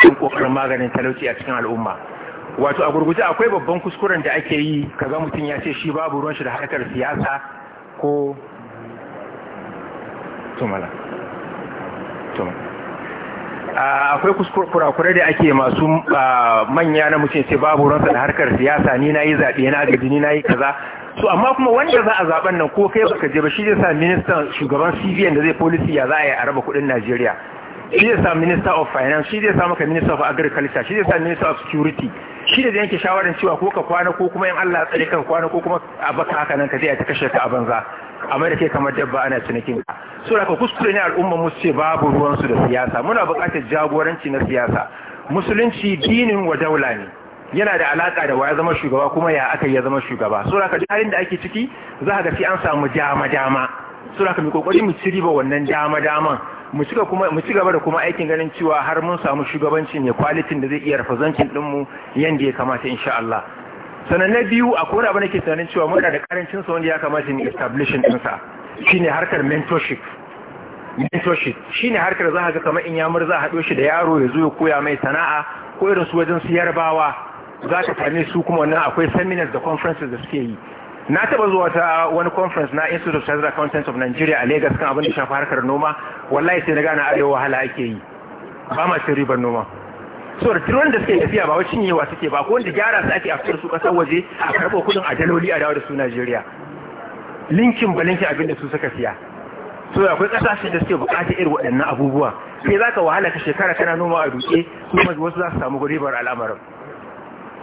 cikin kokarin maganin talauci a cikin al'umma wato a gurguje akwai babban kuskuren da ake yi kaga mutum ya ce shi babu ruwan shi da harkar siyasa ko tumala akwai kurakurai da ake masu manya na mutum ce babu ruwansa da harkar siyasa ni na yi zaɓe na gaji ni na yi kaza su amma kuma wanda za a zaɓen nan ko kai baka je ba shi zai sa ministan shugaban cbn da zai polisi ya za a yi a raba kuɗin najeriya shi zai sa minister of finance shi zai sa maka minister of agriculture shi zai sa minister of security shi da yanke shawarar cewa ko ka kwana ko kuma yin Allah tsare ka kwana ko kuma a baka haka nan ka zai ta kashe ka a banza amma da ke kamar dabba ana cinikin ka so da ka kuskure ne al'umma mu ce babu ruwan su da siyasa muna buƙatar jagoranci na siyasa musulunci dinin wa daula ne yana da alaka da waya zama shugaba kuma ya aka ya zama shugaba so da ka halin da ake ciki za ka ga sai an samu dama dama so da ka mu kokari mu ci riba wannan dama daman mu ci gaba da kuma aikin ganin cewa har mun samu shugabanci ne kwalitin da zai iya rafazancin din mu yadda ya kamata insha Allah sanan na biyu a kora abin da ke tunanin cewa muna da karancin sa wanda ya kamata ne establishing ɗinsa. Shi ne harkar mentorship mentorship ne harkar za a ga kamar in yamur za a haɗo shi da yaro ya zo ya koya mai sana'a ko irin su wajen su yarbawa za ka same su kuma wannan akwai seminars da conferences da suke yi na taba zuwa ta wani conference na Institute of Chartered Accountants of Nigeria a Lagos kan abin da shafi harkar noma wallahi sai na gane arewa wahala ake yi ba ma cin ribar noma so da tunan da suke tafiya ba wacin yewa suke ba ko wanda gyara su ake a su kasar waje a karɓo kudin a daloli a dawo da su Najeriya linkin ba linkin abin da su suka siya so akwai kasashe da suke bukatar irin waɗannan abubuwa sai zaka wahala ka shekara kana noma a duke kuma wasu za su samu ribar al'amarin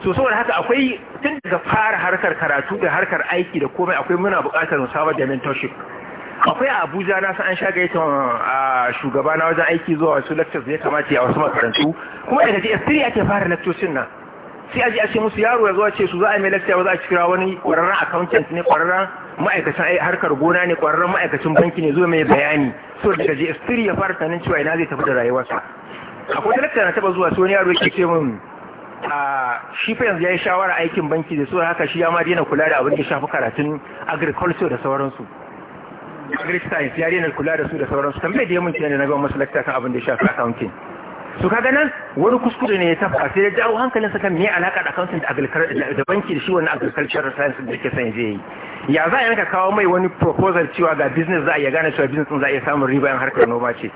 so saboda haka akwai tun daga fara harkar karatu da harkar aiki da komai akwai muna buƙatar musamman da mentorship akwai a abuja na san an sha gaita a shugaba na wajen aiki zuwa wasu lectures ya kamata a wasu makarantu kuma daga ji 3 ake fara lectures nan sai aji a ce musu yaro ya zuwa ce su za a mai lecture za a kira wani ƙwararren accountant ne ƙwararren ma'aikacin harkar gona ne ƙwararren ma'aikacin banki ne zuwa mai bayani so daga ji 3 ya fara sanin cewa ina zai tafi da rayuwarsa akwai lecture na taba zuwa sai wani yaro yake ce mun a shi fa yanzu ya yi shawara aikin banki da su haka shi ya ma daina kula da abin da shafi karatun agriculture da sauransu agri science ya daina kula da su da sauransu tambayar da ya mun da na ga masalakta kan abin da shafi accounting su kaga nan wani kuskure ne ya tafa sai ya jawo hankalin sa kan me alaka da accounting da banki da shi wannan agriculture science da ke san zai yi ya za a yanka kawo mai wani proposal cewa ga business za a iya gane cewa business za a iya samun riba yan harkar noma ce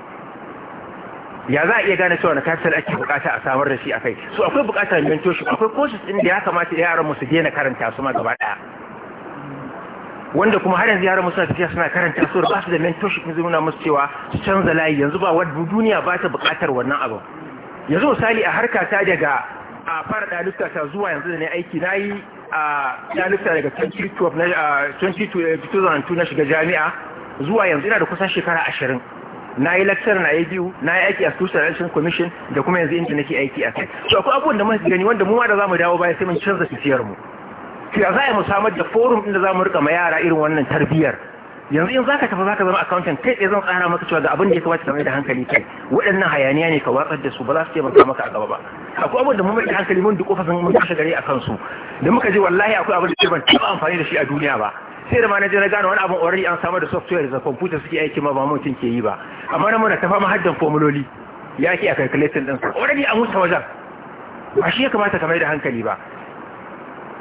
ya za a iya gane cewa na kafital ake bukata a samar da shi a kai so akwai bukatar mentorship akwai courses din da ya kamata yaran mu su daina karanta su ma gaba daya wanda kuma har yanzu yaran mu suna tafiya suna karanta su ba su da mentorship ne musu cewa su canza layi yanzu ba wadda duniya ba ta bukatar wannan abu yanzu misali a harka ta daga a fara dalilta ta zuwa yanzu da ne aiki na yi a dalilta daga 2002 eh, na shiga jami'a zuwa yanzu ina da kusan shekara ashirin na yi lecture na yi biyu na yi aiki a social Action commission da kuma yanzu inda nake aiki a kai to akwai abubuwan da muka gani wanda mu ma da zamu dawo baya sai mun canza tafiyar mu to a za mu samar da forum inda mu rika ma yara irin wannan tarbiyyar yanzu in zaka tafi zaka zama accountant kai tsaye zan tsara maka cewa ga abin da ya kamata ka mai da hankali kai waɗannan hayaniya ne ka watsar da su ba za su taimaka maka a gaba ba akwai abin da mun mai da hankali mun duk ofisin mun kashe gare a kansu da muka je wallahi akwai abin da ban taɓa amfani da shi a duniya ba sai da ma na je na gane wani abin already an samar da software da computer suke aiki ma ba mutum ke yi ba amma na muna tafa mahaddan formuloli ya ke a calculating din already an wuce wajen ba shi ya kamata ka da hankali ba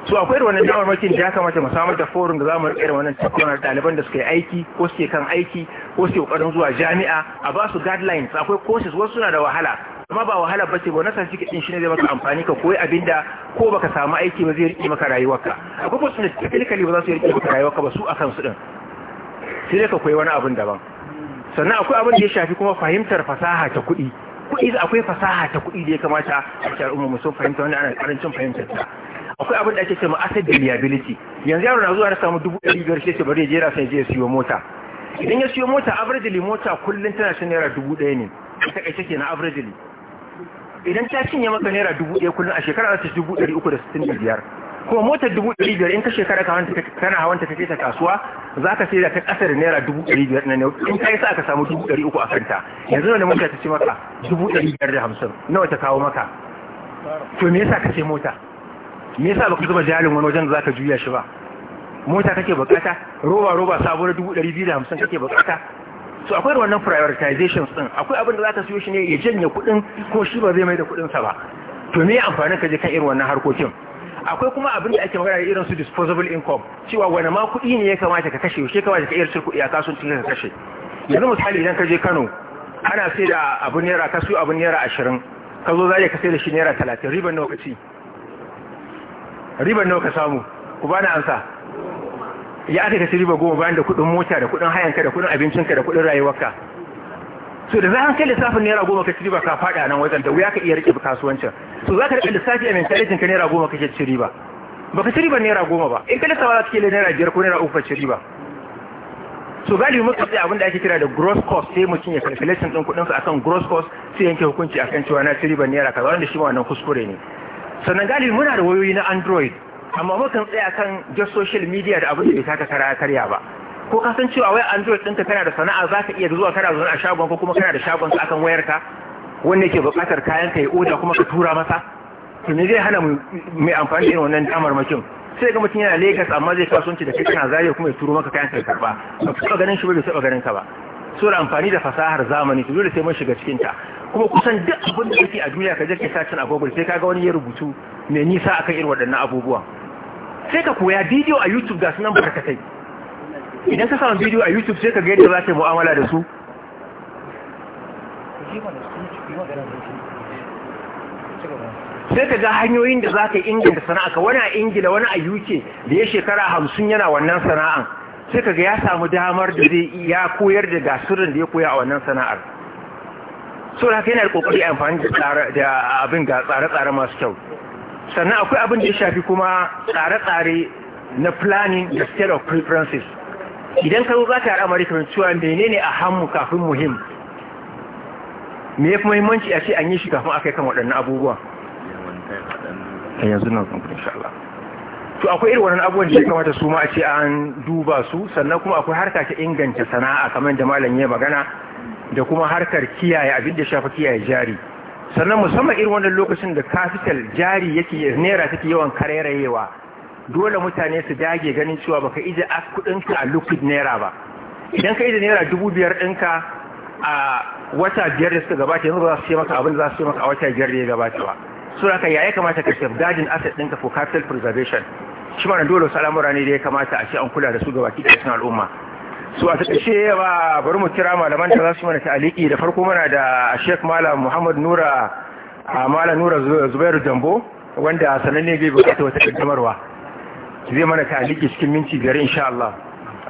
su akwai da wannan damar makin da ya kamata mu samar da forum da zamu rike wannan tattaunar daliban da suka yi aiki ko suke kan aiki ko suke kokarin zuwa jami'a a ba su guidelines akwai courses wasu suna da wahala amma ba wahala ba ce ba na sashi kaɗin shi ne zai maka amfani ka koyi abin da ko baka samu aiki ba zai riƙe maka rayuwarka akwai wasu da tafilikali ba za su riƙe maka rayuwarka ba su a kansu ɗin sai dai ka koyi wani abin daban sannan akwai abin da ya shafi kuma fahimtar fasaha ta kuɗi kuɗi akwai fasaha ta kuɗi da ya kamata a cikin al'umma mu sun fahimta wani ana ƙarancin fahimtar ta akwai abin da ake cewa asset liability yanzu yaro na zuwa na samu dubu ɗari biyar sai ce bari ya jera sai je ya siyo mota idan ya siyo mota averagely mota kullum tana cin naira dubu ɗaya ne a takaice na averagely idan ta cinye maka naira dubu ɗaya kullum a shekara za ta dubu ɗari uku da sittin da biyar kuma motar dubu ɗari biyar in ka shekara ka hanta kana hawan ta ta kasuwa za ka sai da ta ƙasa da naira dubu ɗari biyar na nau in ka yi sa ka samu dubu ɗari uku a kanta yanzu wani mota ta ce maka dubu ɗari biyar da hamsin nawa ta kawo maka to me yasa ka ce mota me yasa baka zuba jalin wani wajen da za ka juya shi ba mota kake bukata roba roba sabuwar dubu ɗari biyu da hamsin kake bukata so akwai wannan prioritization din akwai abin da zaka siyo shi ne ya janye kuɗin ko shi ba zai mai da kudin sa ba to me amfanin ka je kan irin wannan harkokin akwai kuma abin da ake magana da irin su disposable income cewa wani ma kuɗi ne ya kamata ka kashe yaushe kamata ka iya kudi kuɗi a kasuwancin ka kashe yanzu misali idan ka je Kano ana sai da abu naira ka siyo abu naira ashirin ka zo za ka sai da shi naira talatin riban nawa ka ci riban nawa ka samu ku bani ansa ya aka ka riba goma bayan da kudin mota da kudin hayanka da kudin abincinka da kudin rayuwarka so da zan kai lissafin naira goma ka riba ka fada nan wajen da wuya ka iya rike kasuwancin so za ka rike lissafi a mentality ka naira goma kake ci riba baka ci riba naira goma ba in ka lissafa za ka kila naira biyar ko naira uku ci riba so galibi muka tsaye abin da ake kira da gross cost sai mutum ya calculation din kudin sa akan gross cost sai yanke hukunci akan cewa na ci riba naira kaza wanda shi ma wannan kuskure ne sannan galibi muna da wayoyi na android amma mukan tsaya kan just social media da abin da bai taka kara karya ba ko ka san cewa wai android ɗinka kana da sana'a za ka iya zuwa kana zuwa a shagon ko kuma kana da shagon ka akan ka wanda yake buƙatar kayan ka ya oda kuma ka tura masa to ne zai hana mai amfani da wannan damar makin sai ga mutum yana Lagos amma zai kasuwanci da kai kana zariya kuma ya turo maka kayan ka ya karba ba ka ganin shi ba bai taɓa ganin ka ba sura amfani da fasahar zamani to dole sai mun shiga cikin ta kuma kusan duk abin da yake a duniya ka je ka sa cin a Google sai ga wani ya rubutu mai nisa akan irin waɗannan abubuwa sai ka koya bidiyo a youtube ga sunan barkatai idan ka samu bidiyo a youtube sai ka ga yadda za ta mu'amala da su sai ka ga hanyoyin da za ka inganta sana'a wani a ingila wani a uk da ya shekara hamsin yana wannan sana'an sai ka ga ya samu damar da zai ya koyar da gasirin da ya koya a wannan sana'ar so da haka yana da kokari amfani da abin ga tsare-tsare masu kyau sannan akwai abin da ya shafi kuma tsare-tsare na planning da state of preferences idan ka za ka yi amurka mai cewa menene a hannu kafin muhim me ya fi muhimmanci a ce an yi shi kafin aka yi kan waɗannan abubuwa? a yanzu nan kamfanin sha'ala to akwai irin wannan abubuwan da ya kamata su ma a ce an duba su sannan kuma akwai harka ta inganta sana'a kamar da malam ya magana da kuma harkar kiyaye abin da shafa kiyaye jari sannan musamman irin wannan lokacin da capital jari yake naira take yawan karerayewa dole mutane su dage ganin cewa baka ije as ka a liquid naira ba idan ka ije naira dubu biyar ɗinka a wata biyar da suka gabata yanzu ba za su ce maka abin da za su ce maka a wata biyar da ya gabata ba so haka yaya kamata ka dajin asset ɗinka for capital preservation shi mana dole wasu al'amura ne da ya kamata a ce an kula da su gabaki da suna al'umma su a takashe ba bari mu kira malaman ta za su mana ta'aliki da farko mana da Sheikh Malam Muhammad Nura a Malam Nura Zubairu Jambo wanda sananne bai bukata wata kaddamarwa zai mana ta'aliki cikin minti biyar insha Allah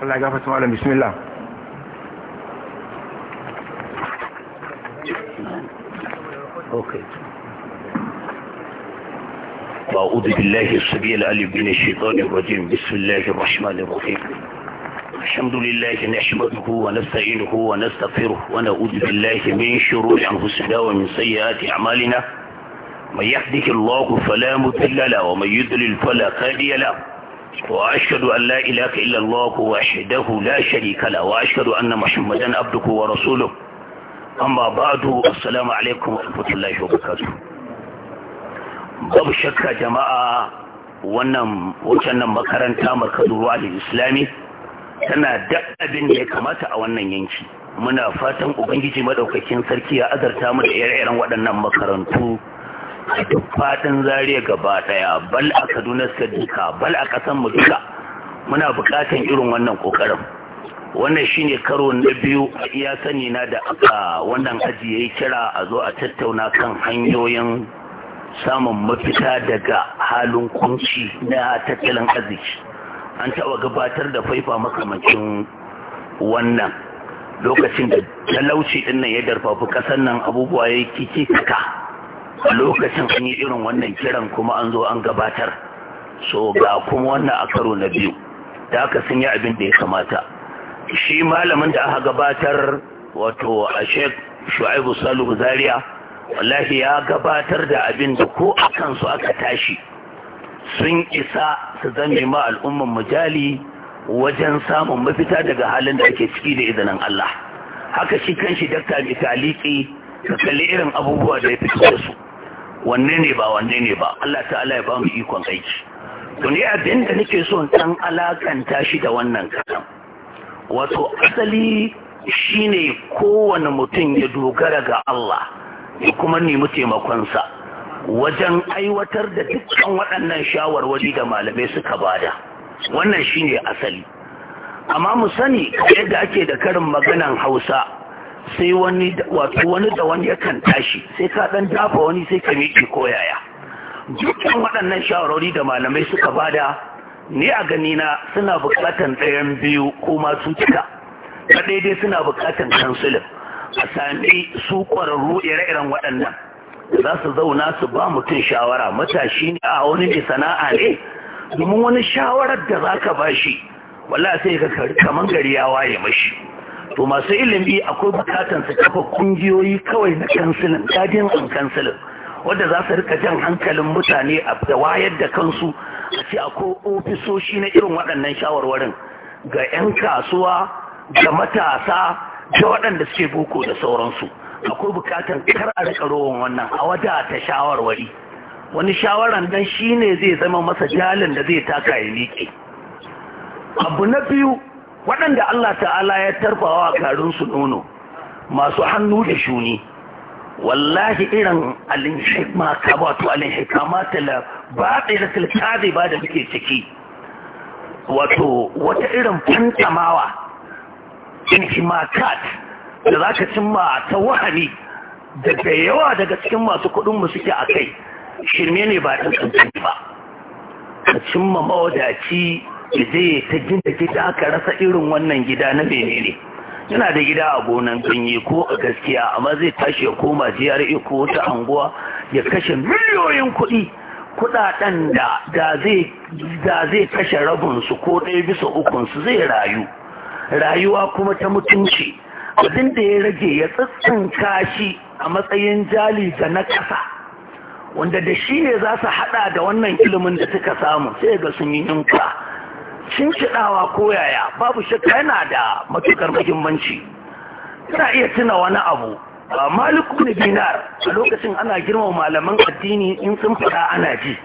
Allah ya gafarta malam bismillah okay أعوذ بالله السبيل الأليم من الشيطان الرجيم بسم الله الرحمن الرحيم الحمد لله نحمده ونستعينه ونستغفره ونعوذ بالله من شرور أنفسنا ومن سيئات أعمالنا من يهده الله فلا مضل له ومن يضلل فلا هادي له وأشهد أن لا إله إلا الله وحده لا شريك له وأشهد أن محمدا عبده ورسوله أما بعد السلام عليكم ورحمة الله وبركاته باب شك جماعة wannan waccan nan makaranta markazin ruwa islami tana da abin da ya kamata a wannan yanki muna fatan ubangiji madaukakin sarki ya azarta mu da ire-iren waɗannan makarantu a duk fatan zariya gaba ɗaya bal a kaduna sadika bal a ƙasan mu duka muna buƙatan irin wannan ƙoƙarin wannan shine karo na biyu a iya sani na da aka wannan aji yayi kira a zo a tattauna kan hanyoyin samun mafita daga halin kunci na tattalin arziki an taɓa gabatar da faifa makamancin wannan lokacin da talauci ɗin nan ya darfafi ƙasar nan abubuwa ya yi kaka lokacin an yi irin wannan kiran kuma an zo an gabatar so ga kuma wannan a karo na biyu da aka sun yi abin da ya kamata shi malamin da aka gabatar wato a shek shu'aibu salihu zaria wallahi ya gabatar da abin da ko a kansu aka tashi sun isa su zame ma al'umman mujali wajen samun mafita daga halin da ake ciki da izinin Allah haka shi kanshi dakta mai taliki ka kalli irin abubuwa da ya fito da su wanne ne ba wanne ne ba Allah ta'ala ya ba mu ikon aiki to ne abin da nake so dan alakanta shi da wannan kasan wato asali shine kowane mutum ya dogara ga Allah ya kuma nemi taimakonsa wajen aiwatar da dukkan waɗannan shawarwari da malamai suka bada wannan shine asali amma mu sani yadda ake da karin maganan hausa sai wani wato wani da wani yakan tashi sai ka dan dafa wani sai ka miƙe yaya. dukkan waɗannan shawarwari da malamai suka bada ni a ganina suna buƙatan ɗayan biyu ko ma cutuka na dai suna buƙatan kansulin a sami su ƙwararru ire-iren waɗannan da za su zauna su ba mutum shawara matashi ne a wani ne sana'a ne domin wani shawarar da za ka ba shi wala sai ka kaman gari ya waye mashi to masu ilimi akwai bukatan su kafa kungiyoyi kawai na kansilin gadin an kansilin wadda za su rika jan hankalin mutane a da wayar da kansu a ce akwai ofisoshi na irin waɗannan shawarwarin ga 'yan kasuwa ga matasa da waɗanda suke boko da sauransu akwai bukatar kar a rika rowan wannan a wata ta shawarwari wani shawaran dan shine zai zama masa jalin da zai taka ya miƙe abu na biyu waɗanda Allah ta'ala ya tarbawa garin su nono masu hannu da shuni wallahi irin alin hikma ka to alin hikama ta la ba da tilkazi ba da muke ciki wato wata irin fantamawa in himakat da za ka cimma ta wahani daga yawa daga cikin masu kuɗinmu suke a kai shirme ne ba ɗan tsantsani ba ka cimma mawadaci da zai ta gina gida aka rasa irin wannan gida na menene yana da gida a gonan ganye ko a gaskiya amma zai tashi ya koma GRA iko wata anguwa ya kashe miliyoyin kuɗi kuɗaɗen da da zai kashe rabinsu ko ɗaya bisa ukunsu zai rayu rayuwa kuma ta mutunci abin da ya rage ya tsitsinka shi a matsayin jali da na ƙasa wanda da shi ne za su haɗa da wannan ilimin da suka samu sai ga sun yi yunka kiɗawa ko yaya babu shakka yana da matukar muhimmanci yana iya tuna wani abu maliku ne binar a lokacin ana girma malaman addini in sun faɗa ana ji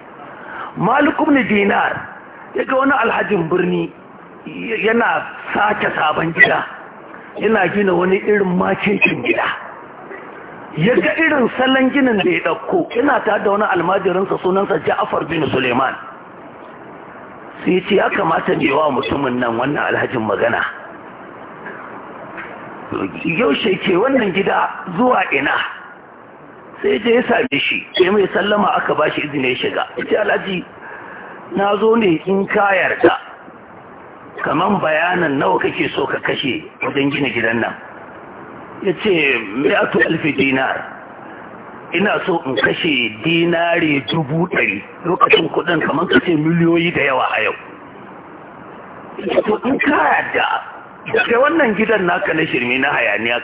maliku ne binar ya ga wani alhajin birni yana sake sabon gida Ina gina wani irin makekin gida ya ga irin salon ginin da ya ɗauko Ina ta da wani almajirinsa sunansa ja'afar bin suleiman sai ce ya kamata ne wa mutumin nan wannan alhajin magana yaushe ke wannan gida zuwa ina sai je ya same shi Ya mai sallama aka ba shi izini ya shiga Ita ce alhaji na zo ne in ka yarda kaman bayanan nawa kake so ka kashe wajen gina gidan nan yace ce miyatu alfi dinar ina so in kashe dinari dubu ɗari lokacin kudin kaman kashe miliyoyi da yawa a yau to in da daga wannan gidan naka na shirme na hayaniya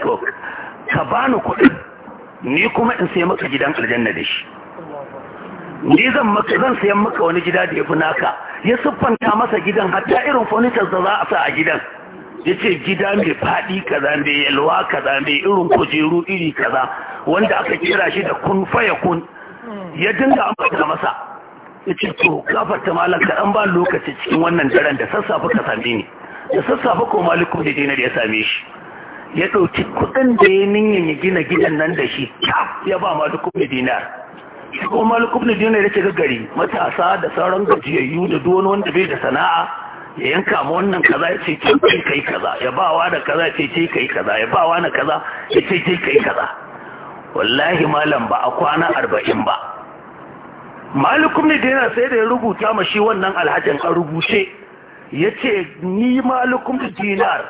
ka bani kudin ni kuma in sai maka gidan aljanna da shi ni zan maka zan sayan maka wani gida da ya fi naka ya siffanta masa gidan hatta irin furniture da za a sa a gidan ya ce gida mai faɗi kaza mai yalwa kaza mai irin kujeru iri kaza wanda aka kira shi da kun faya kun ya dinga ambata masa ya ce to gafarta malam kaɗan ba lokaci cikin wannan daren da sassafe ka same ni da sassafe ko maliku da dinar ya same shi ya ɗauki kuɗin da ya niyan ya gina gidan nan da shi ya ba malikum da dinar shi kuma malik ibn dinar yake gaggari matasa da sauran gajiyayyu da duk wanda bai da sana'a ya yanka ma wannan kaza ya ce kai kai kaza ya ba wa da kaza ya ce kai kaza ya ba wa na kaza ya ce kai kai kaza wallahi malam ba a kwana arba'in ba malik ibn dinar sai da ya rubuta ma shi wannan alhajin a rubuce ya ce ni malik ibn dinar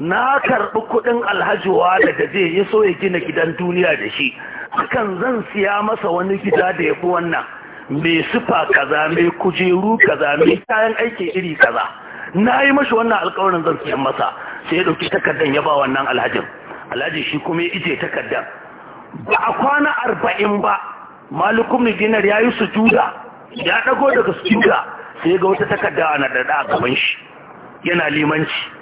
na karɓi kuɗin alhajiwa daga zai yi so ya gina gidan duniya da shi hakan zan siya masa wani gida da ya fi wannan mai sufa kaza mai kujeru kaza mai kayan aiki iri kaza na yi mashi wannan alkawarin zan siya masa sai ya ɗauki takardar ya ba wannan Alhaji. alhaji shi kuma ya ije takardar ba a kwana arba'in ba malukum ne dinar ya yi sujuda ya ɗago daga sujuda sai ga wata takarda a naɗaɗa a gaban shi yana limanci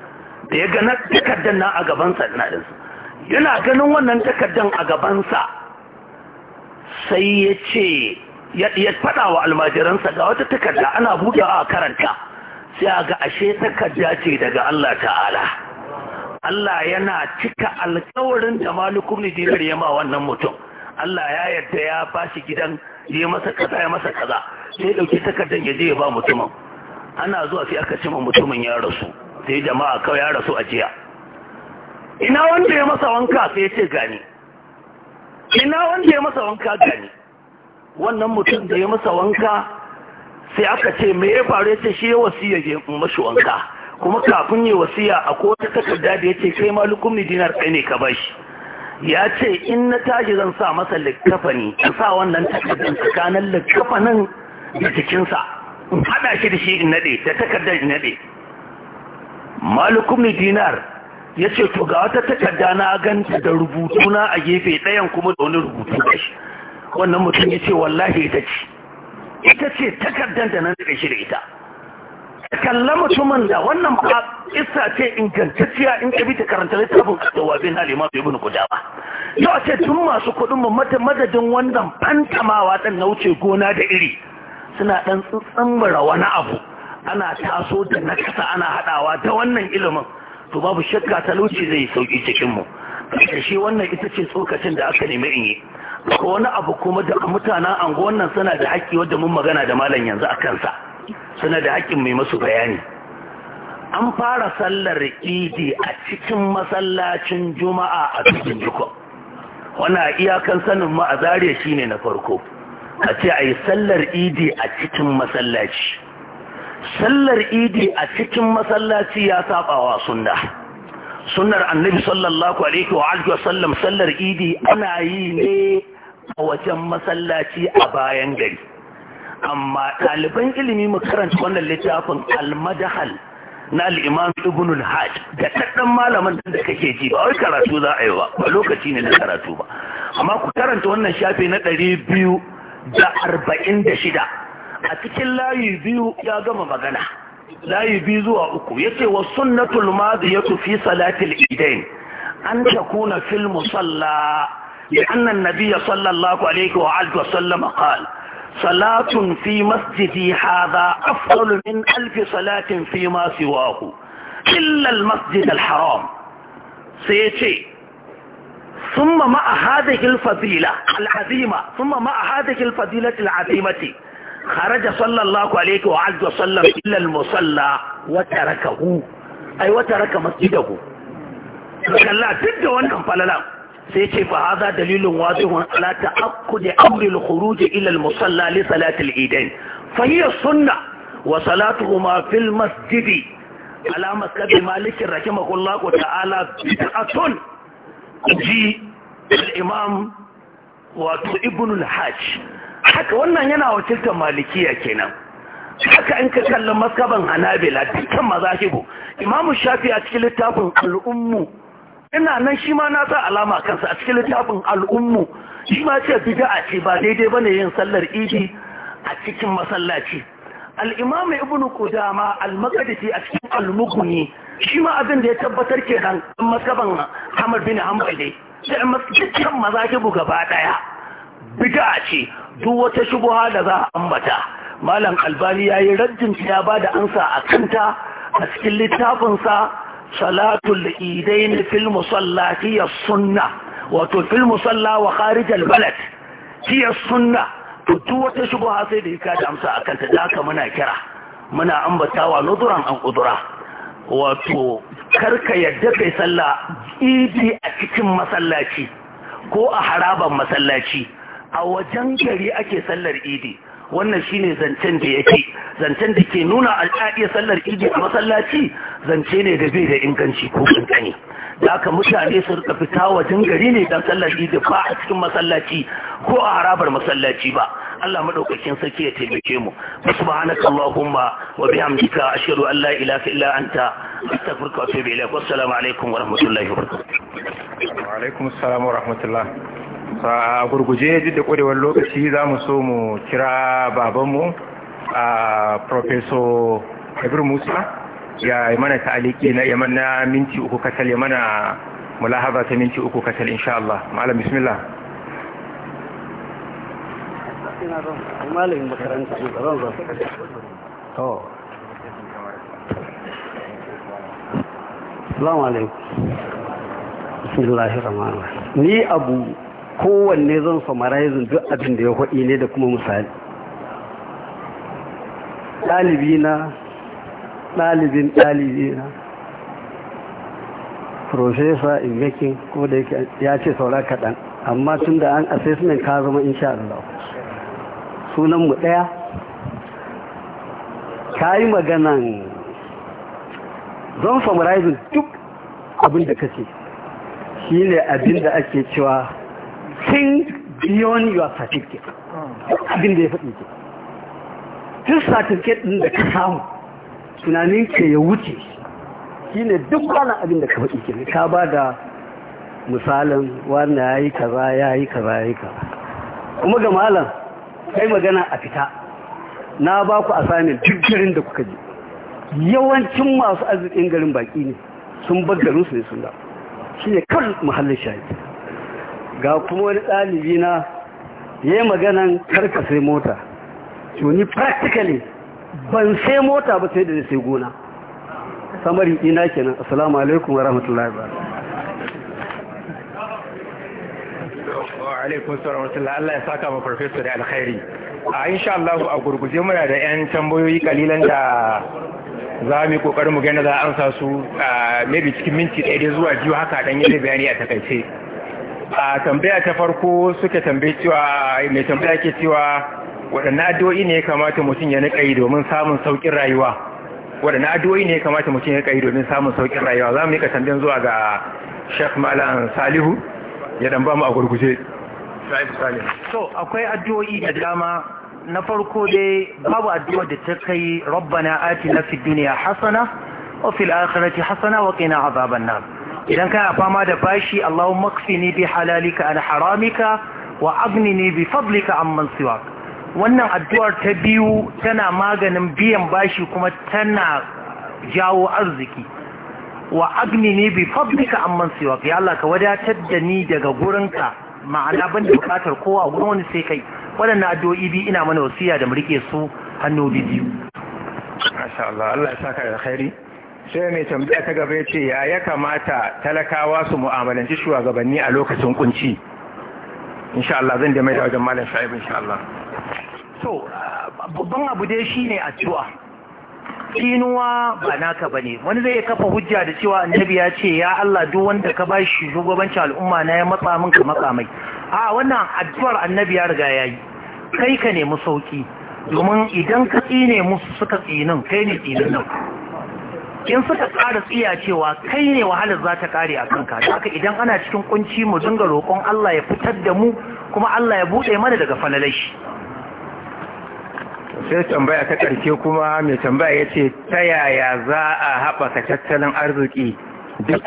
da ya gana takardar na a gabansa na ɗinsu yana ganin wannan takardar a gabansa sai ya ce ya faɗa wa almajiransa ga wata takarda ana buɗewa a karanta sai a ga ashe takarda ce daga Allah ta'ala Allah yana cika alkawarin da malukun nijirar ya ma wannan mutum Allah ya yadda ya ba shi gidan ya masa kaza ya masa kaza sai ɗauki takardar ya je ya ba mutumin ana zuwa sai aka cima mutumin ya rasu yi jama'a kawai ya rasu a jiya ina wanda ya masa wanka sai ya ce gani ina wanda ya masa wanka gani wannan mutum da ya masa wanka sai aka ce me ya faru ce shi ya wasiya ya mashi wanka kuma kafin ya wasiya a kowace takarda da ya ce kai ma lukumi dinar ɗaya ne ka bashi ya ce in na tashi zan sa masa likkafani ka sa wannan takardar tsakanin likkafanin da jikinsa in haɗa shi da shi in naɗe da takardar in naɗe malikum ne dinar ya ce to ga wata takarda na ganta da rubutu na a gefe ɗayan kuma da wani rubutu da shi wannan mutum ya ce wallahi ita ce ita ce takardar da nan da shi da ita kalla mutumin da wannan ba isa ce ingantacciya in ka bi ta karanta littafin kadawa bin halima bai bin guda ba yau ce tun masu kuɗin mu madadin wannan fantamawa ɗan na wuce gona da iri suna ɗan tsitsin wani abu ana taso da na kasa ana haɗawa ta wannan ilimin to babu shakka talauci zai sauki cikin mu shi wannan ita ce tsokacin da aka nemi in yi ko wani abu kuma da mutanen anguwan nan suna da haƙƙi wadda mun magana da malam yanzu a kansa suna da haƙƙin mai masu bayani an fara sallar idi a cikin masallacin juma'a a cikin jiko wannan iyakan sanin mu a zariya shine na farko a ce a yi sallar idi a cikin masallaci sallar idi a cikin masallaci ya sabawa sunna sunnar annabi sallallahu alaihi wa alihi wasallam sallar idi ana yi ne a wajen masallaci a bayan gari amma ɗaliban ilimi mu karanta wannan littafin almadahal na al'imam ibn al-hajj da ɗaɗɗan malaman da kake ji ba wai karatu za a yi ba ba lokaci ne na karatu ba amma ku karanta wannan shafe na ɗari biyu da arba'in da shida a cikin layi biyu ya gama magana layi biyu zuwa uku yace wa sunnatul madiyatu fi salatil idain an takuna fil musalla لأن النبي صلى الله عليه وآله وسلم قال صلاة في مسجدي هذا أفضل من ألف صلاة فيما سواه إلا المسجد الحرام سيتي ثم مع هذه الفضيلة العظيمة ثم مع هذه الفضيلة العظيمة kharaja sallallahu alaihi wa alihi wa sallam illa al-musalla wa tarakahu ai wa taraka masjidahu kalla duk da wannan falala sai ce fa hadha dalilun wadihun ala ta'aqqud amri al-khuruj ila musalla li salati al-idain fa hiya sunnah wa salatuhuma fil masjidi ala maskabi malik rahimahullah ta'ala ji imam wato Ibnul hajj haka wannan yana wakiltar malikiya kenan haka in ka kalli maskaban hanabila dukkan mazahibu imamu shafi a cikin littafin al'ummu ina nan shi ma na sa alama kansa a cikin littafin al'ummu shi ma ce bid'a ce ba daidai bane yin sallar idi a cikin masallaci al'imamu Ibn ibnu qudama al-maqdisi a cikin al-mughni shi ma abin da ya tabbatar kenan maskaban Ahmad bin Hanbali da maskaban mazahibu gaba daya bid'a ce duk wata shubuha da za a ambata malam albani yayi raddin ya bada ansa a kanta a cikin littafinsa salatul idain fil musallati sunna wato fil musalla wa kharij al balad hiya sunna to duk wata shubuha sai da yaka da amsa a kanta da haka muna kira muna ambatawa nuduran an kudura wato karka yadda kai sallah idi a cikin masallaci ko a harabar masallaci a wajen gari ake sallar idi wannan shine zancen da yake zancen da ke nuna al'adiyar sallar idi a masallaci zance ne da bai da inganci ko kankani da aka mutane su rika fita wajen gari ne don sallar idi ba a cikin masallaci ko a harabar masallaci ba Allah madaukakin sarki ya taimake mu subhanaka allahumma wa bihamdika ashhadu an la ilaha illa anta astaghfiruka wa atubu ilaik wassalamu alaikum wa rahmatullahi wa barakatuh wa alaikum assalam wa rahmatullah a gurguje duk da ƙwarewar lokaci za mu so mu kira babanmu a professor kabir musa ya yi mana ta'aliki na yaman na minti uku katal ya mana mulahaba ta minti uku katal insha Allah malam bismillah malamin makaranta ne ba zan Assalamu alaikum. Bismillahirrahmanirrahim. Ni abu kowanne zan summarizing duk abin da ya faɗi ne da kuma misali ɗalibi ɗalibin ɗalibi na professor in making ko da ya ce saura kaɗan amma tun da an assessment ka zama insha Allah sunanmu ɗaya ka yi maganan zan summarizing duk abin da kace shi ne abin da ake cewa think beyond your certificate abin da ya faɗi ke duk certificate ɗin da ka samu tunanin ke ya wuce shi ne duk wani abin da ka faɗi ke ka ba da misalin wanda ya yi kaza ya yi kaza ya yi kaza kuma ga malam kai magana a fita na ba ku samun duk garin da kuka ji. yawancin masu arzikin garin baƙi ne sun bar garin su ne sun da shi ne kan muhallin shahidi ga kuma wani ɗalibi na ya yi maganan karka sai mota to ni practically ban sai mota ba sai da sai gona samari ina kenan assalamu alaikum wa rahmatullahi wa alaikun Allah ya saka ma farfesa da alkhairi a a gurguje muna da 'yan tambayoyi kalilan da za mu yi kokarin mu gani za a amsa su a maybe cikin minti ɗaya zuwa biyu haka dan yi bayani a takaice a tambaya ta farko suka tambaye cewa mai tambaya ke cewa waɗanne addu'o'i ne ya kamata mutum ya niƙa yi domin samun sauƙin rayuwa waɗanne addu'o'i ne kamata mutum ya niƙa yi domin samun sauƙin rayuwa za mu niƙa tambayin zuwa ga Sheikh Malam Salihu ya dan ba mu a gurguje so akwai addu'o'i da dama na farko dai babu addu'a da ta kai rabbana atina fid duniya hasana wa fil akhirati hasana wa qina azaban nar idan kana fama da bashi makfi ne bi halalika an haramika wa agni ne bi fadlika an mansuwa wannan addu'ar ta biyu tana maganin biyan bashi kuma tana jawo arziki wa agni ne bi fadlika an mansuwa ya Allah ka wadatar da ni daga gurinka ma'ana ban da bukatar kowa a wani sai kai waɗannan addu'o'i biyu ina mana wasiya da mu rike su hannu biyu masha Allah Allah ya saka da khairi sai mai tambaya ta gaba ce ya ya kamata talakawa su mu'amalanci shugabanni a lokacin kunci insha Allah zan da mai da wajen malam shaibu insha Allah so babban abu dai shine addu'a kinuwa ba naka bane wani zai kafa hujja da cewa annabi ya ce ya Allah duk wanda ka bashi shugabancin al'umma na ya matsa min ka matsa mai a wannan addu'ar annabi ya riga yayi kai ka nemi sauki domin idan ka tsine musu suka tsinin kai ne tsinin nan kin suka ƙara tsiya cewa kai ne wahalar za ta ƙare a kanka da aka idan ana cikin ƙunci mu dinga roƙon Allah ya fitar da mu kuma Allah ya buɗe mana daga falalashi. sai tambaya ta ƙarshe kuma mai tambaya ya ce ta yaya za a haɓaka tattalin arziki duk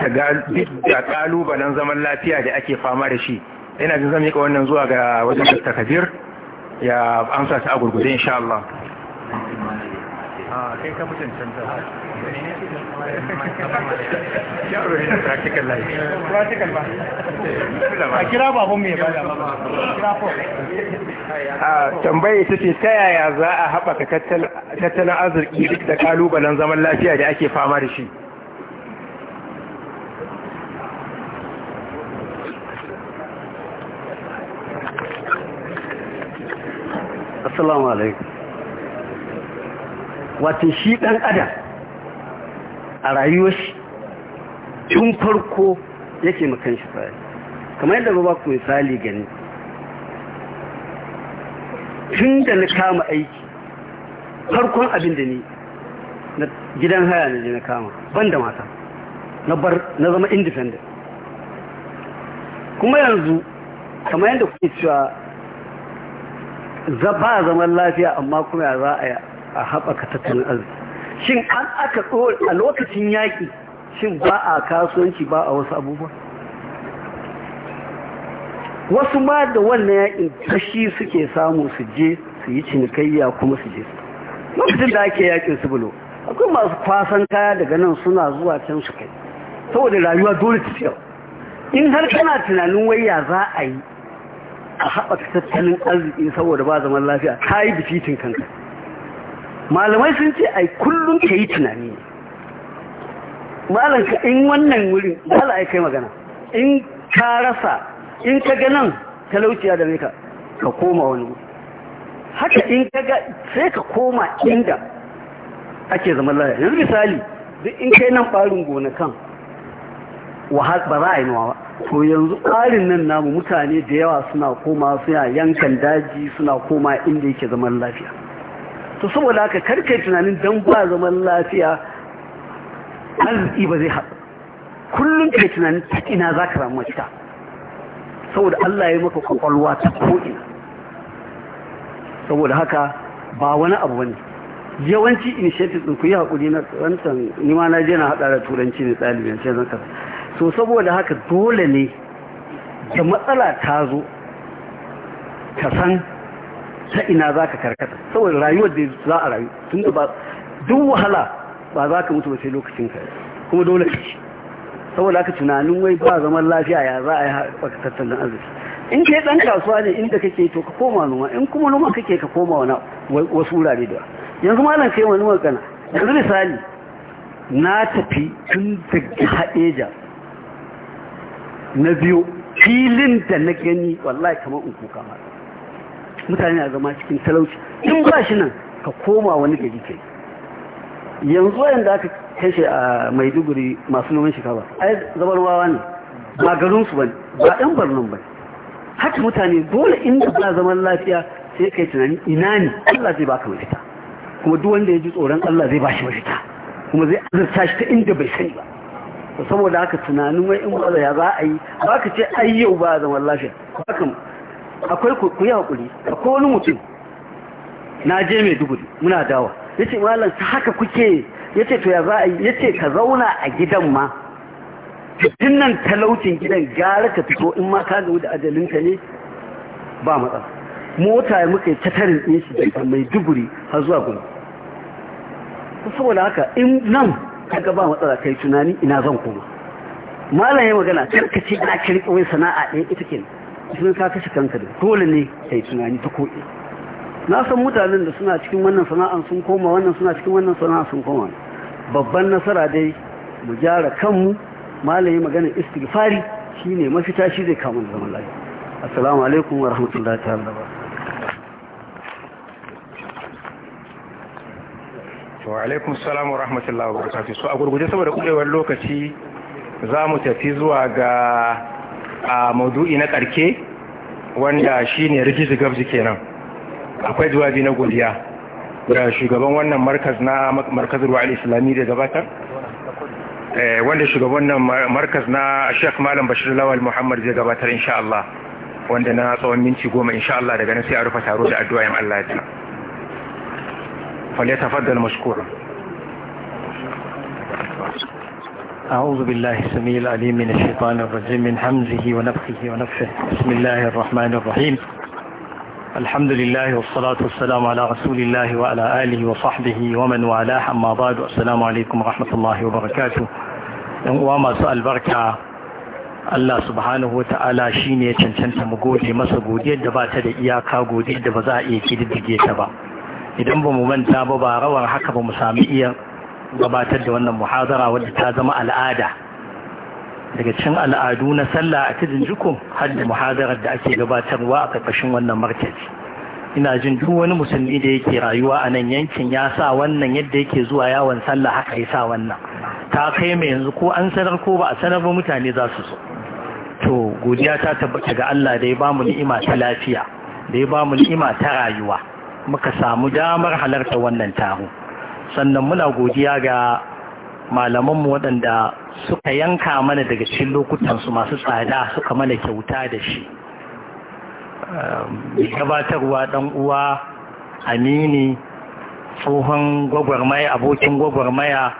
da ƙalubalen zaman lafiya da ake fama da shi yana jin zan miƙa wannan zuwa ga wajen ta Kabir ya amsa ta a gurgurde insha Allah. Ah, Tambayi ita ta ce ta yaya za a haɓaka tattalin arziki duk da kalubalen zaman lafiya da ake fama da shi Assalamu alaikum. shi ɗan adam a rayuwar shi tun farko yake makan shi fari kamar yadda ba ku misali gani tun da na kama aiki farkon abin da ni na gidan haya na je na kama ban da mata na bar na zama independent kuma yanzu kamar yadda ku cewa ba zaman lafiya amma kuma za a haɓaka tattalin arziki shin an aka tsohon a lokacin yaƙi shin ba a kasuwanci ba a wasu abubuwa wasu ma da wannan yaƙin tashi suke samu su je su yi cinikayya kuma su je lokacin da ake yaƙin su bulo akwai masu kwasan kaya daga nan suna zuwa can su kai saboda rayuwa dole ta ce in har kana tunanin waya za a yi a haɓaka tattalin arziki saboda ba zaman lafiya ka yi bifitin kanka malamai sun ce ai kullum ka yi tunani malanka in wannan wurin a ai kai magana in ka rasa in ka ga nan talauciya da ka ka koma wani haka in ka ga sai ka koma inda ake zaman lafiya yanzu misali duk in kai nan ɓarin gonakan ba za a yi nawa ba to yanzu ƙarin nan namu mutane da yawa suna koma suna yankan daji suna koma inda yake zaman lafiya to saboda haka karkai tunanin dan ba zaman lafiya arziki ba zai haɗu kullum kai tunanin ta za ka ramu mafita saboda Allah ya yi maka kwakwalwa ta ko'ina saboda haka ba wani abu wani yawanci initiative ɗin ku yi haƙuri na tsarantar nima na je na haɗa da turanci ne ɗalibin sai zan kasa so saboda haka dole ne da matsala ta zo ka san ta ina za ka karkata saboda rayuwar da za a rayu tun da ba duk wahala ba za ka mutu ba sai lokacin ka kuma dole ka ci saboda haka tunanin wai ba zaman lafiya ya za a yi haɓaka tattalin arziki in kai ɗan kasuwa ne inda kake to ka koma noma in kuma noma kake ka koma wani wasu wurare da yanzu malam kai wani magana yanzu misali na tafi tun daga haɗeja na biyo filin da na gani wallahi kamar in kuka mara mutane na zama cikin talauci in ba shi nan ka koma wani gari ke yanzu yanda aka kashe a maiduguri masu noman shikawa ai wawa ne ba garinsu ba ba ɗan barnan ba haka mutane dole inda ba zaman lafiya sai kai tunani ina ne Allah zai baka mafita kuma duk wanda ya ji tsoron Allah zai bashi mafita kuma zai azurta shi ta inda bai sani ba saboda haka tunanin wai in ba za a yi ba ka ce ai yau ba zaman lafiya ba akwai ku yi haƙuri akwai wani mutum na je mai duguri, muna dawa ya ce malam haka kuke ya ce to ya za a yi ya ce ka zauna a gidan ma tun nan talaucin gidan gara ka fito in ma ka zaune da ajalinta ne ba matsala mota ya muka yi catarin ɗin da daga mai duguri har zuwa gudu saboda haka in nan kaga ba matsala kai tunani ina zan koma malam ya magana karkace na kirkawai sana'a ɗaya ita kenan sun ka kashe kanka da dole ne ka yi tunani ta ko'i na san mutanen da suna cikin wannan sana'an sun koma wannan suna cikin wannan sana'an sun koma babban nasara dai mu gyara kanmu malayi magana istighfari shine mafita shi zai kama zaman lafiya assalamu alaikum wa rahmatullahi ta'ala wa alaikum salam wa rahmatullahi wa barakatuh so a gurguje saboda kurewar lokaci za mu tafi zuwa ga a maudu'i na ƙarke, wanda shi shine rikici gabzi kenan akwai jawabi na godiya da shugaban wannan markaz na markazin ruwa al da gabatar eh, wanda shugaban wannan markaz na Sheikh Malam Bashir Lawal Muhammad zai gabatar insha Allah wanda na tsawon minti goma insha Allah daga nan sai a rufe taro da addu'a in Allah ya ta. Falyatafaddal أعوذ بالله السميع العليم من الشيطان الرجيم من حمزه ونفخه ونفخه بسم الله الرحمن الرحيم الحمد لله والصلاة والسلام على رسول الله وعلى آله وصحبه ومن والاه أما بعد السلام عليكم ورحمة الله وبركاته وما سأل بركة Allah subhanahu wa ta'ala shi ne ya cancanta mu gode masa godiyar da ba ta da iyaka godiyar da ba za a iya kididdige ta ba idan ba mu manta ba ba rawar haka ba mu sami iya gabatar da wannan muhazara wadda ta zama al'ada daga cin al'adu na sallah a cikin jikun har da muhazarar da ake gabatarwa a ƙarƙashin wannan market. ina jin duk wani musulmi da yake rayuwa a nan yankin ya sa wannan yadda yake zuwa yawon sallah haka ya sa wannan ta kai mai yanzu ko an sanar ko ba a sanar ba mutane za su so to godiya ta tabbata ga Allah da ya ba mu ni'ima ta lafiya da ya ba mu ni'ima ta rayuwa muka samu damar halarta wannan taro sannan muna godiya ga malamanmu waɗanda suka yanka mana daga cikin lokutansu masu tsada suka mana kyauta da shi mai gabatarwa ɗan uwa amini tsohon gwagwarmaya abokin gwagwarmaya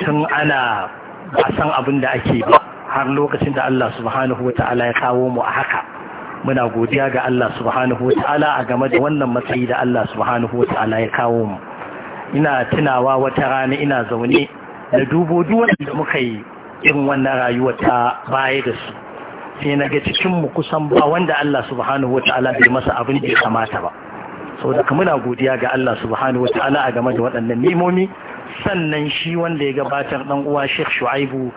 tun ana ba san abin da ake ba har lokacin da Allah subhanahu wa ta'ala ya kawo mu a haka muna godiya ga Allah subhanahu wa ta'ala a game da wannan matsayi da Allah subhanahu wa ta'ala ya kawo mu ina tunawa wata rana ina zaune da dubo duwan muka yi irin wannan rayuwa ta baya da su sai na ga cikinmu kusan ba wanda Allah subhanahu wa ta'ala bai masa abin da ya kamata ba sau da muna godiya ga Allah subhanahu wa ta'ala a game da waɗannan nimomi sannan shi wanda ya gabatar ɗan uwa Sheikh Shu'aibu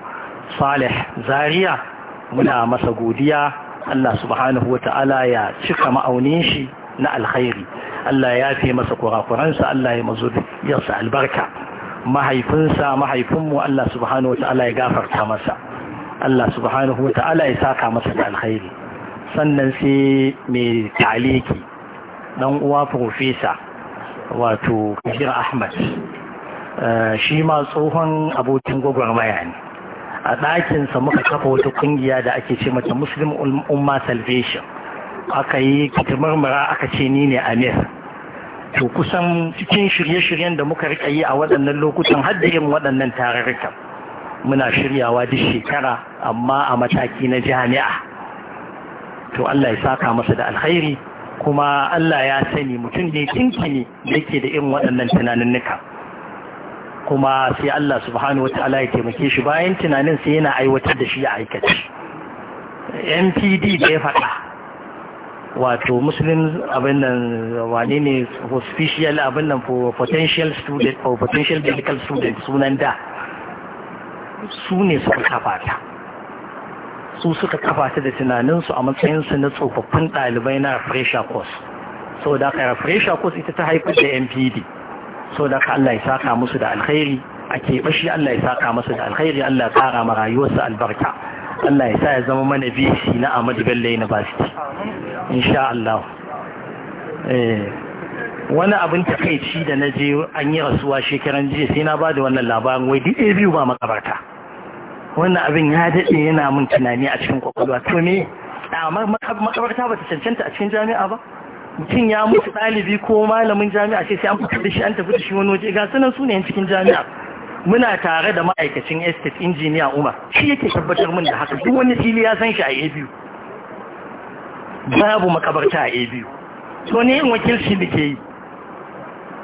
Saleh Zaria muna masa godiya Allah subhanahu wa ta'ala ya cika ma'aunin shi na alkhairi Allah ya fi masa kurakuransa Allah ya mazu yarsa albarka mahaifinsa mahaifinmu Allah subhanahu wata'ala ya gafarta masa Allah subhanahu wata'ala ya saka masa da alkhairi sannan sai mai taliki dan uwa profesa wato Kabir Ahmad eh, shi ma tsohon abokin gwagwarmaya ne a ɗakinsa muka kafa wata ƙungiya da ake ce mata Muslim Umma Salvation aka yi katimarmara aka ce ni ne amir to kusan cikin shirye-shiryen da muka rika yi a waɗannan lokutan har da yin waɗannan tararrukan muna shiryawa duk shekara amma a mataki na jami'a to Allah ya saka masa da alkhairi kuma Allah ya sani mutum ne kinkini da yake da irin waɗannan tunaninnika kuma sai Allah subhanahu wataala ya taimake shi bayan tunanin sai yana aiwatar da shi a aikace NPD da ya faɗa wato muslim abin nan wane ne official abin nan for potential student for potential medical student sunan da su ne suka kafa ta su suka kafa ta da tunaninsu a matsayinsu na tsofaffin ɗalibai na refresher course so da ka refresher course ita ta haifar da mpd so da ka Allah ya saka musu da alkhairi a keɓe shi Allah ya saka musu da alkhairi Allah ya kara ma rayuwarsa albarka Allah ya sa ya zama mana shi na Ahmadu Bello University insha Allah eh, wani abin takaici da na je an yi rasuwa shekaran jiya sai na ba da wannan labarin wai duk biyu ba makabarta wannan abin ya daɗe yana mun tunani a cikin kwakwalwa to ne makabarta ba ta cancanta a cikin jami'a ba mutum ya mutu ɗalibi ko malamin jami'a sai sai an fito da shi an tafi da shi wani waje ga sunan su ne cikin jami'a muna tare da ma'aikacin estate injiniya umar shi yake tabbatar min da haka duk wani fili ya san shi a biyu babu makabarta a abu to ne yin wakilci da ke yi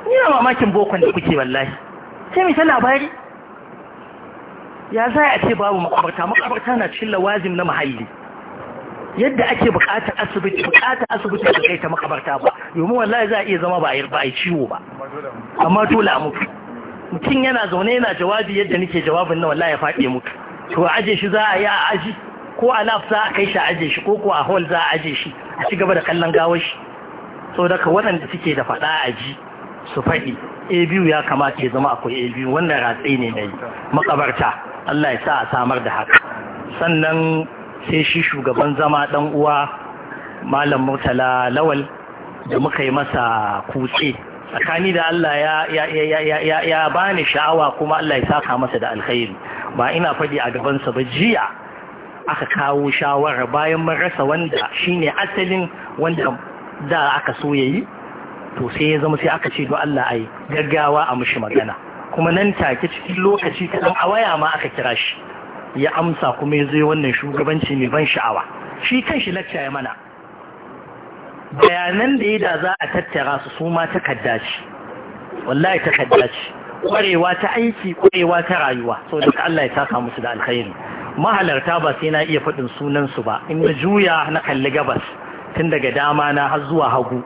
nina mamakin bokon da kuke wallahi sai mai ta labari ya za a ce babu makabarta makabarta na cikin lawazim na mahalli yadda ake bukatar asibiti bukatar asibiti da kai ta makabarta ba domin wallahi za a iya zama ba a yi ciwo ba amma dole a mutu mutum yana zaune yana jawabi yadda nake jawabin na wallahi ya faɗi mutu to aje shi za a yi a aji ko a lab za a kai shi a aje shi ko ko a hol za a aje shi a ci gaba da kallon gawar shi so daga waɗanda suke da faɗa a ji su faɗi a biyu ya kamata ya zama akwai a biyu wannan ratse ne na yi makabarta Allah ya sa a samar da haka sannan sai shi shugaban zama ɗan uwa malam murtala lawal da muka yi masa kutse tsakani da Allah ya bani sha'awa kuma Allah ya saka masa da alkhairi ba ina faɗi a gabansa ba jiya aka kawo shawara bayan mun rasa wanda shine asalin wanda da aka so yayi to sai ya zama sai aka ce don Allah ai gaggawa a mushi magana kuma nan take cikin lokaci kaɗan a waya ma aka kira shi ya amsa kuma ya zo wannan shugabanci mai ban sha'awa shi kan shi lacca ya mana bayanan da ya da za a tattara su su ma takarda ce wallahi ce kwarewa ta aiki kwarewa ta rayuwa so da Allah ya saka musu da alkhairi mahalarta ba sai na iya faɗin sunansu ba in na juya na kalli gabas tun daga dama na har zuwa hagu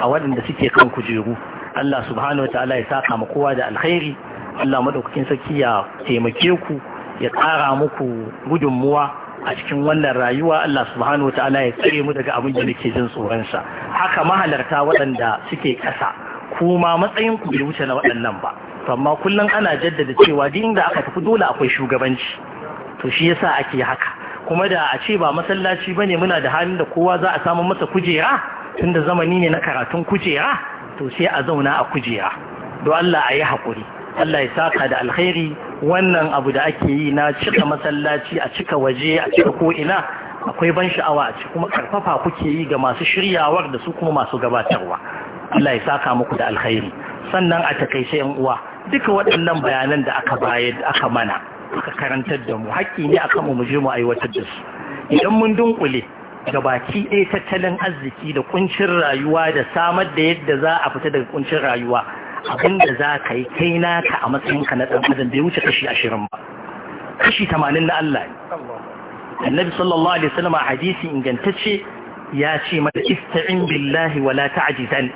a waɗanda suke kan kujeru Allah subhanahu wa ta'ala ya saka ma kowa da alkhairi Allah madaukakin sarki ya taimake ku ya tsara muku gudunmuwa a cikin wannan rayuwa Allah subhanahu wa ta'ala ya tsare mu daga abin da nake jin tsoron sa haka mahalarta waɗanda suke ƙasa kuma matsayin ku bai wuce na waɗannan ba amma kullum ana jaddada cewa duk inda aka tafi dole akwai shugabanci to shi yasa ake haka kuma da a ce ba masallaci bane muna da halin da kowa za a samu masa kujera tunda zamani ne na karatun kujera to sai a zauna a kujera don Allah a yi haƙuri Allah ya saka da alkhairi wannan abu da ake yi na cika masallaci a cika waje a cika ko'ina akwai ban sha'awa a ci kuma karfafa kuke yi ga masu shiryawar da su kuma masu gabatarwa Allah ya saka muku da alkhairi sannan a takaice yan uwa duka waɗannan bayanan da aka bayar aka mana suka karantar da mu haƙƙi ne akan mu muje mu aiwatar da su idan mun dunkule da baki ɗaya tattalin arziki da kuncin rayuwa da samar da yadda za a fita daga kuncin rayuwa abinda za ka yi kai naka a matsayinka na ɗan adam bai wuce kashi ashirin ba kashi tamanin na Allah ne annabi sallallahu alaihi wasallam a hadisi ingantacce ya ce mata ista'in billahi wala ta'jizan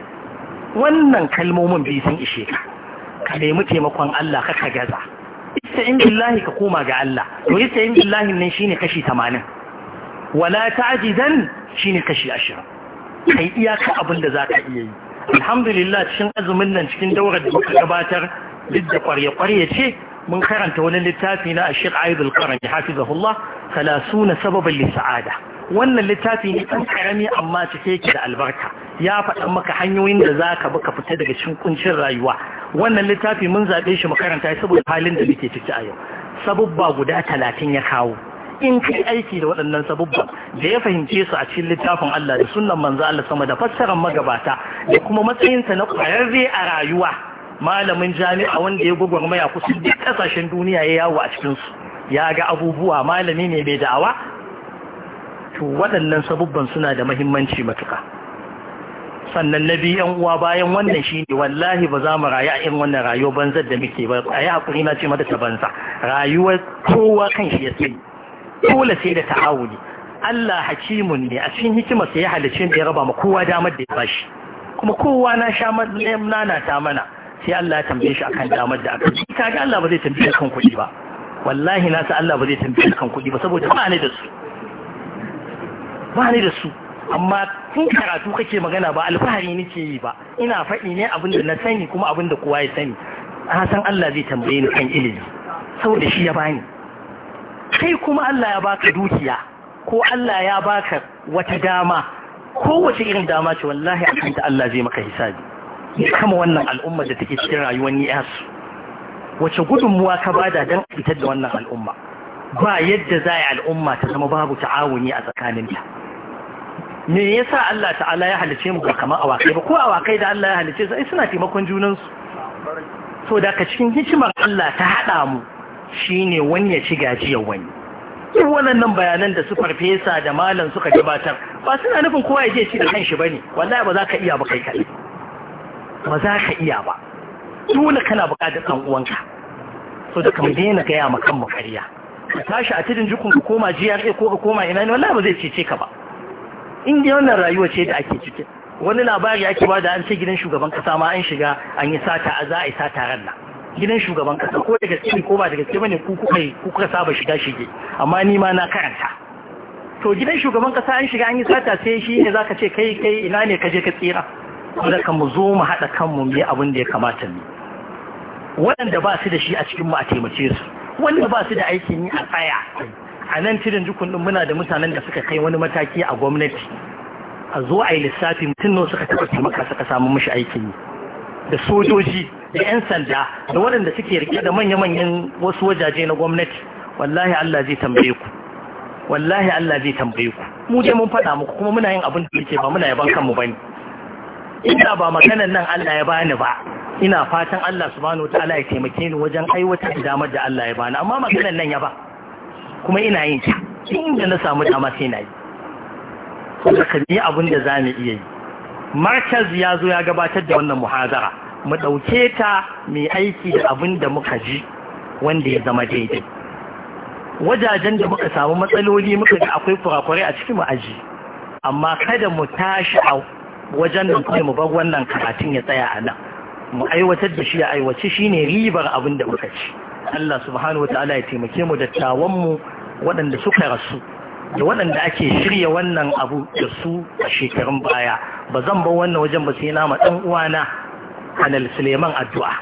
wannan kalmomin biyu sun ishe ka ka nemi taimakon Allah ka gaza sa'in billahi ka koma ga Allah to yi sa'in billahi nan shine kashi tamanin, wala shi shine kashi ashirin, kai iyaka abin da za ka iya yi alhamdulillah cikin azumin nan cikin daurar da muka gabatar duk da kwarye-kwarye ce mun karanta wani littafi na Sheikh Aidul kala hafizahullah na sababan lisa'ada wannan littafi ne ɗan karami amma cike yake da albarka ya faɗa maka hanyoyin da za ka bi ka fita daga cikin kuncin rayuwa wannan littafi mun zaɓe shi makaranta saboda halin da muke ciki a yau sabubba guda talatin ya kawo in kai aiki da waɗannan sabubba da ya fahimce su a cikin littafin Allah da sunan manzo Allah sama da fassarar magabata da kuma matsayinsa na ƙwararre a rayuwa malamin jami'a wanda ya maya kusan duk ƙasashen duniya ya yawo a cikinsu ya ga abubuwa malami ne mai da'awa to waɗannan sabubban suna da mahimmanci matuƙa. sannan na biyu yan uwa bayan wannan shi ne wallahi ba za mu rayu a irin wannan rayuwar banzar da muke ba a yi haƙuri na ce mata ta banza rayuwar kowa kan shi ya sai dole sai da ta'awuni. Allah hakimun ne a cikin hikima sai ya halicce da ya raba ma kowa damar da ya bashi kuma kowa na sha na ta mana sai Allah ya tambaye shi akan damar da aka ka ga Allah ba zai tambaye kan kuɗi ba wallahi na sa Allah ba zai tambaye kan kuɗi ba saboda ba ne da su ba ne da su amma tun karatu kake magana ba alfahari nake yi ba ina faɗi ne abin da na sani kuma abin da kowa ya sani san Allah zai tambaye ni kan ilimi saboda shi ya bani kai kuma Allah ya baka dukiya ko Allah ya baka wata dama kowace irin dama ce wallahi a kanta Allah zai maka hisabi kama wannan al'umma da take cikin rayuwar ni'asu wace gudunmuwa ka bada dan fitar da wannan al'umma ba yadda za a al'umma ta zama babu ta'awuni a tsakaninta me yasa Allah ta'ala ya halice mu ga kamar awakai ba ko awakai da Allah ya halice su ai suna taimakon junansu so da ka cikin hikimar Allah ta haɗa mu shine wani ya ci gajiyar wani duk wannan bayanan da su farfesa da malam suka gabatar ba suna nufin kowa ya je ci da kanshi bane wallahi ba za ka iya ba kai kaɗai ba za ka iya ba dole kana buƙatar ɗan uwanka so da kamar daina gaya ma kan mu ƙarya ka tashi a tijin jikunka ka koma GRA ko ka koma ina ne wallahi ba zai cece ka ba inda wannan rayuwa ce da ake ciki wani labari ake ba da an ce gidan shugaban kasa ma an shiga an yi sata a za a yi sata ran nan gidan shugaban kasa ko da gaske ko ba da gaske bane ku kuka ku kuka saba shiga shige amma ni ma na karanta to gidan shugaban kasa an shiga an yi sata sai shi ne zaka ce kai kai ina ne ka je ka tsira saboda ka mu zo mu haɗa kanmu mu yi abin da ya kamata mu waɗanda ba su da shi a cikin mu a taimace su wanda ba su da aikin yi a tsaya a nan cirin jukun din muna da mutanen da suka kai wani mataki a gwamnati a zo a yi lissafi mutum nawa suka taɓa taimaka suka samu mishi aikin yi da sojoji da 'yan sanda da waɗanda suke rike da manya-manyan wasu wajaje na gwamnati wallahi Allah zai tambaye ku wallahi Allah zai tambaye ku mu je mun faɗa muku kuma muna yin abin da yake ba muna yaban kanmu bane ina ba maganar nan Allah ya bani ba ina fatan Allah subhanahu wataala ya taimake ni wajen aiwatar da damar da Allah ya bani amma maganar nan ya ba kuma ina yin shi inda na samu dama sai na yi kuma ka yi abin da za mu iya yi markaz ya zo ya gabatar da wannan muhazara mu ɗauke ta mai aiki da abin da muka ji wanda ya zama daidai wajajen da muka samu matsaloli muka ga akwai kurakurai a cikin ma'aji amma kada mu tashi a wajen nan kai mu bar wannan karatun ya tsaya a nan mu aiwatar da shi ya aiwace shine ribar abin da muka ci Allah subhanahu Ta'ala ya taimake mu dattawan mu waɗanda suka rasu da waɗanda ake shirya wannan abu da su a shekarun baya ba zan ba wannan wajen ba sai na ma ɗan uwana Anal Suleiman addu'a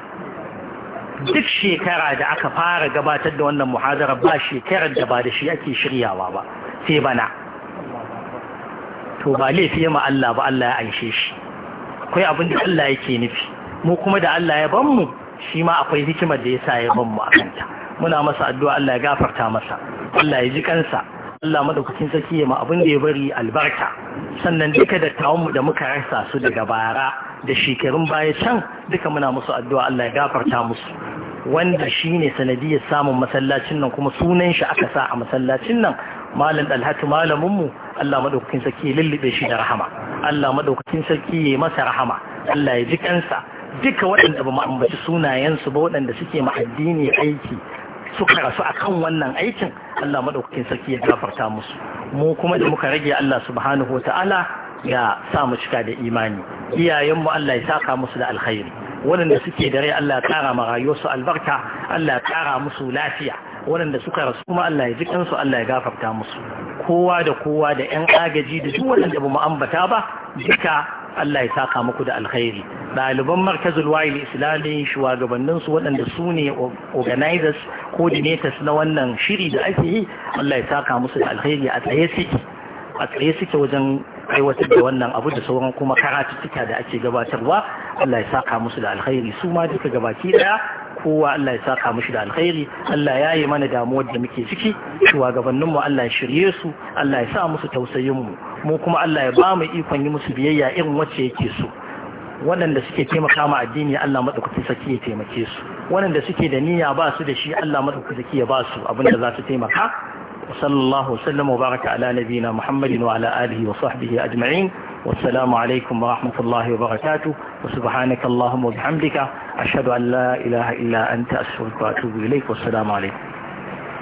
duk shekara da aka fara gabatar da wannan muhadara ba shekarar da ba da shi ake shiryawa ba sai bana to ba laifi ma Allah ba Allah ya anshe shi akwai abin da Allah yake nufi mu kuma da Allah ya ban mu shi ma akwai hikimar da ya sa ya ban mu a kanta muna masa addu'a Allah ya gafarta masa Allah ya ji kansa Allah madaukakin sarki ya ma abin da ya bari albarka sannan duka dattawan mu da muka rasa su daga bara da shekarun baya can duka muna musu addu'a Allah ya gafarta musu wanda shine sanadiyar samun masallacin nan kuma sunan shi aka sa a masallacin nan malam dalhatu malamin mu Allah madaukakin sarki ya lullube shi da rahama Allah madaukakin sarki ya masa rahama Allah ya ji kansa duka waɗanda ba mu sunayensu ba waɗanda suke ma addini aiki suka rasu kan wannan aikin Allah madaukakin sarki ya gafarta musu mu kuma da muka rage Allah subhanahu wa ta'ala ya sa mu cika da imani Iyayenmu mu Allah ya saka musu da alkhairi waɗanda suke da rai Allah ya kara ma rayuwarsu albarka Allah ya kara musu lafiya waɗanda suka rasu kuma Allah ya ji kansu Allah ya gafarta musu kowa da kowa da ƴan agaji da duk waɗanda ba mu ambata ba duka Allah ya saka muku da alkhairi ɗaliban markazul wayil islami shugabannin su waɗanda su ne organizers coordinators na wannan shiri da ake yi Allah ya saka musu da alheri a tsaye suke a tsaye suke wajen aiwatar da wannan abu da sauran kuma karatuttuka da ake gabatarwa Allah ya saka musu da alkhairi su ma duka gabaki daya kowa Allah ya saka musu da alkhairi Allah ya yi mana damuwar da muke ciki shugabannin mu Allah ya shirye su Allah ya sa musu tausayin mu mu kuma Allah ya ba mu ikon yi musu biyayya irin wacce yake so waɗanda suke taimaka ma addini Allah madaukakin saki ya taimake su waɗanda suke da niyya ba su da shi Allah madaukakin saki ya ba su abinda za su taimaka sallallahu wasallam wa baraka ala nabiyina muhammadin wa ala alihi wa sahbihi ajma'in wassalamu alaikum wa rahmatullahi wa barakatuh wa subhanaka allahumma wa bihamdika ashhadu an la ilaha illa anta astaghfiruka wa atubu ilaik wassalamu alaikum